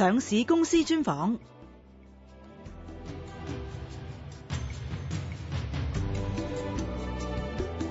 上市公司專訪。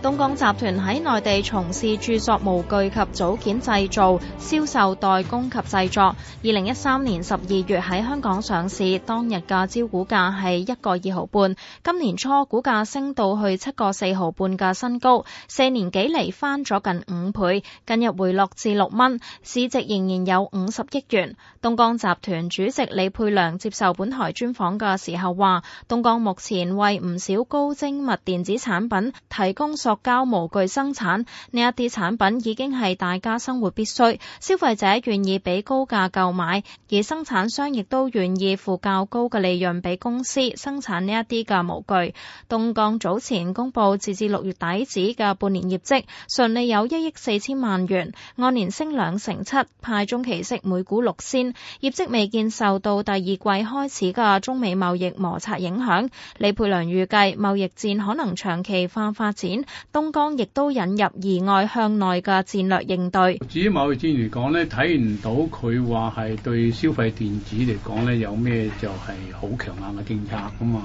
東江集團喺內地從事注塑模具及組件製造、銷售、代工及製作。二零一三年十二月喺香港上市，當日嘅招股價係一個二毫半，今年初股價升到去七個四毫半嘅新高，四年幾嚟翻咗近五倍，近日回落至六蚊，市值仍然有五十億元。東江集團主席李沛良接受本台專訪嘅時候話：東江目前為唔少高精密電子產品提供屬膠模具生產呢一啲產品已經係大家生活必需，消費者願意俾高價購買，而生產商亦都願意付較高嘅利潤俾公司生產呢一啲嘅模具。東江早前公布截至六月底止嘅半年業績，純利有一億四千萬元，按年升兩成七，派中期息每股六仙，業績未見受到第二季開始嘅中美貿易摩擦影響。李沛良預計貿易戰可能長期化發展。東江亦都引入移外向內嘅戰略應對。至於貿易戰嚟講咧，睇唔到佢話係對消費電子嚟講咧有咩就係好強硬嘅政策啊嘛。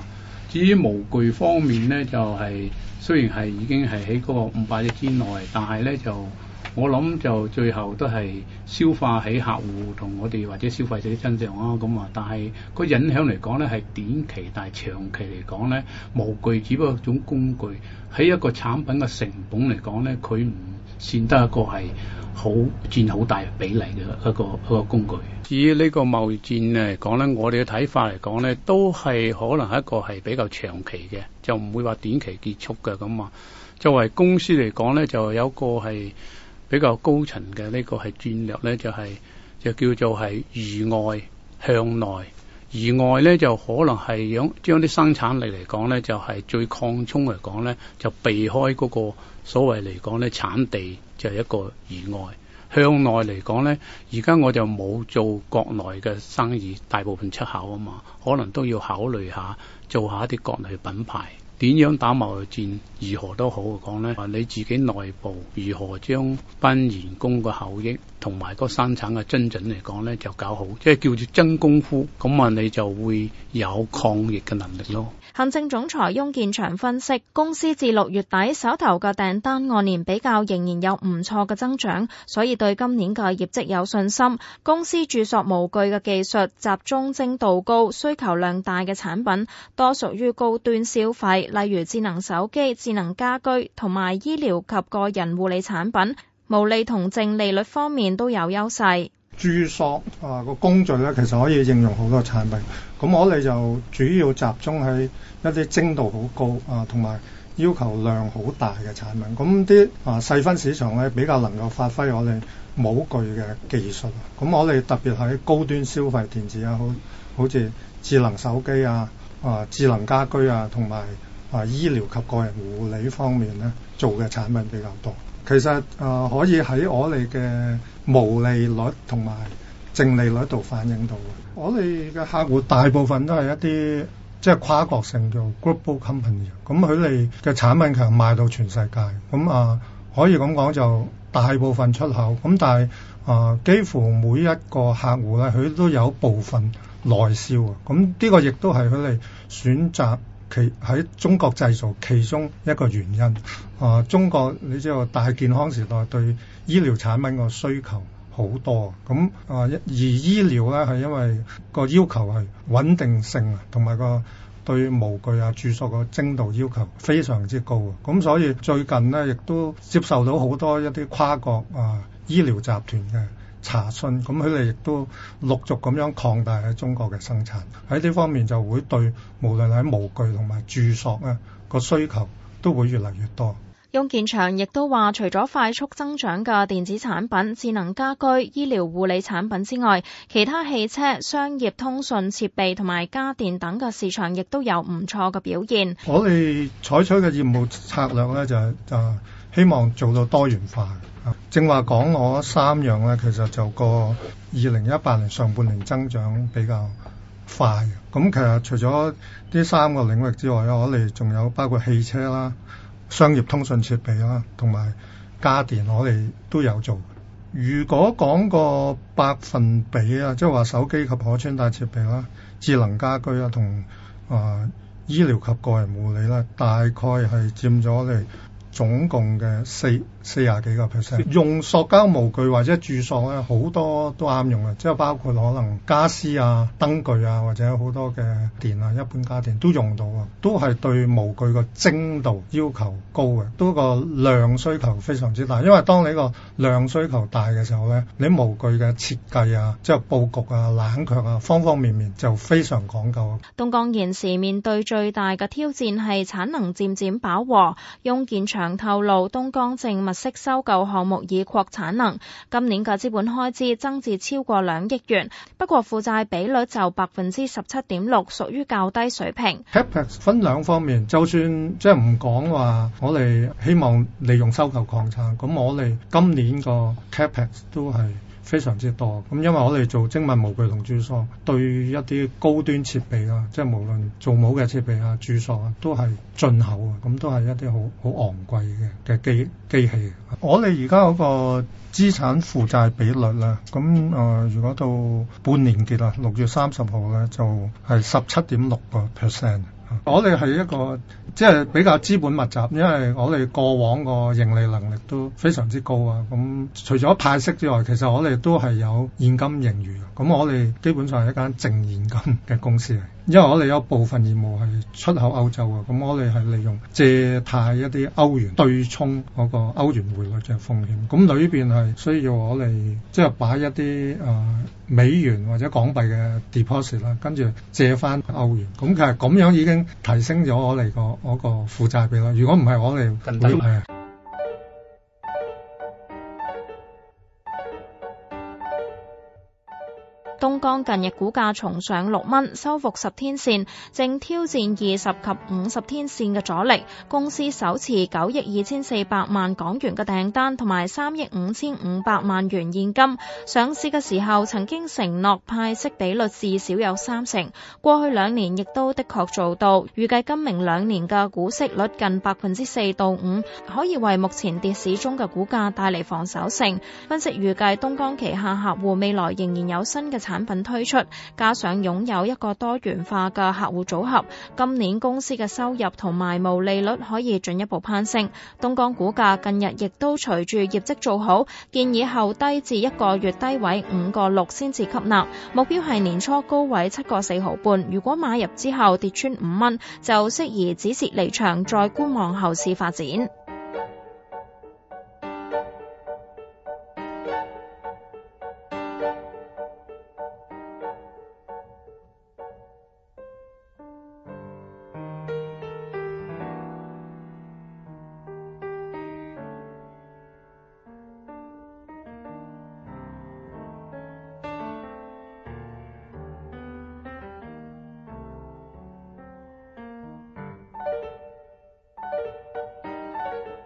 至於模具方面咧，就係、是、雖然係已經係喺嗰個五百億之內，但係咧就。我諗就最後都係消化喺客戶同我哋或者消費者身上啊。咁啊，但係個影響嚟講咧，係短期，但係長期嚟講咧，模具只不過一種工具喺一個產品嘅成本嚟講咧，佢唔算得一個係好佔好大比例嘅一個一個，一個工具。至於呢個貿易戰嚟講咧，我哋嘅睇法嚟講咧，都係可能係一個係比較長期嘅，就唔會話短期結束嘅咁啊。作為公司嚟講咧，就有一個係。比較高層嘅呢、這個係戰略呢就係、是、就叫做係移外向內。移外呢就可能係將將啲生產力嚟講呢就係、是、最擴充嚟講呢就避開嗰、那個所謂嚟講呢產地，就係一個移外向內嚟講呢，而家我就冇做國內嘅生意，大部分出口啊嘛，可能都要考慮下做一下一啲國內品牌。點樣打貿易戰，如何都好講咧，你自己內部如何將班員工嘅效益，同埋個生產嘅精準嚟講咧，就搞好，即係叫做真功夫，咁啊你就會有抗疫嘅能力咯。行政總裁翁建祥分析，公司至六月底手頭嘅訂單按年比較仍然有唔錯嘅增長，所以對今年嘅業績有信心。公司注塑模具嘅技術集中精度高，需求量大嘅產品多屬於高端消費，例如智能手機、智能家居同埋醫療及個人護理產品。毛利同淨利率方面都有優勢。注塑啊個工序咧，其實可以應用好多產品。咁我哋就主要集中喺一啲精度好高啊，同埋要求量好大嘅產品。咁啲啊細分市場咧，比較能夠發揮我哋模具嘅技術。咁我哋特別喺高端消費電子啊，好好似智能手機啊、啊智能家居啊，同埋啊醫療及個人護理方面咧，做嘅產品比較多。其實啊，可以喺我哋嘅毛利率同埋淨利率度反映到嘅。我哋嘅客戶大部分都係一啲即係跨國性嘅 group company，咁佢哋嘅產品強賣到全世界，咁啊可以咁講就大部分出口。咁但係啊、呃，幾乎每一個客戶咧，佢都有部分內銷啊。咁呢個亦都係佢哋選擇。其喺中國製造，其中一個原因啊，中國你知道大健康時代對醫療產品個需求好多，咁啊而醫療咧係因為個要求係穩定性啊，同埋個對模具啊注塑個精度要求非常之高啊，咁所以最近咧亦都接受到好多一啲跨國啊醫療集團嘅查詢，咁佢哋亦都陸續咁樣擴大喺中國嘅生產，喺呢方面就會對無論喺模具同埋注塑啊個需求都會越嚟越多。雍健祥亦都話，除咗快速增長嘅電子產品、智能家居、醫療護理產品之外，其他汽車、商業通訊設備同埋家電等嘅市場亦都有唔錯嘅表現。我哋採取嘅業務策略咧就係啊。就希望做到多元化嘅、啊，正話講我三樣咧，其實就個二零一八年上半年增長比較快。咁、嗯、其實除咗呢三個領域之外咧，我哋仲有包括汽車啦、商業通訊設備啦，同埋家電，我哋都有做。如果講個百分比啊，即係話手機及可穿戴設備啦、智能家居啦、啊、同啊、呃、醫療及個人護理咧，大概係佔咗你。總共嘅四四廿幾個 percent，用塑膠模具或者注塑咧，好多都啱用嘅，即係包括可能家私啊、燈具啊，或者好多嘅電啊，一般家電都用到啊，都係對模具嘅精度要求高嘅，都個量需求非常之大。因為當你個量需求大嘅時候咧，你模具嘅設計啊，即係佈局啊、冷卻啊，方方面面就非常講究。東江現時面對最大嘅挑戰係產能漸漸飽和，用建廠。透露東江正物色收購項目以擴產能，今年嘅資本開支增至超過兩億元，不過負債比率就百分之十七點六，屬於較低水平。Capex 分兩方面，就算即係唔講話，我哋希望利用收購擴產，咁我哋今年個 capex 都係。非常之多，咁因為我哋做精密模具同注塑，對一啲高端設備啊，即係無論做模嘅設備啊、注塑啊，都係進口啊，咁都係一啲好好昂貴嘅嘅機機器。我哋而家嗰個資產負債比率咧，咁誒，如果到半年結啊，六月三十號咧，就係十七點六個 percent。我哋係一個即係比較資本密集，因為我哋過往個盈利能力都非常之高啊。咁、嗯、除咗派息之外，其實我哋都係有現金盈餘。咁、嗯、我哋基本上係一間淨現金嘅公司嚟，因為我哋有部分業務係出口歐洲啊。咁、嗯、我哋係利用借貸一啲歐元對沖嗰個歐元匯率嘅風險。咁裏邊係需要我哋即係擺一啲誒、呃美元或者港幣嘅 deposit 啦，跟住借翻歐元，咁其實咁樣已經提升咗我哋個嗰個負債比率。如果唔係，我哋等，是東。東江近日股價重上六蚊，收復十天線，正挑戰二十及五十天線嘅阻力。公司手持九億二千四百萬港元嘅訂單同埋三億五千五百萬元現金。上市嘅時候曾經承諾派息比率至少有三成，過去兩年亦都的確做到。預計今明兩年嘅股息率近百分之四到五，可以為目前跌市中嘅股價帶嚟防守性。分析預計東江旗下客戶未來仍然有新嘅產品。推出，加上擁有一個多元化嘅客戶組合，今年公司嘅收入同埋毛利率可以進一步攀升。東江股價近日亦都隨住業績做好，建議後低至一個月低位五個六先至吸納，目標係年初高位七個四毫半。如果買入之後跌穿五蚊，就適宜止蝕離場，再觀望後市發展。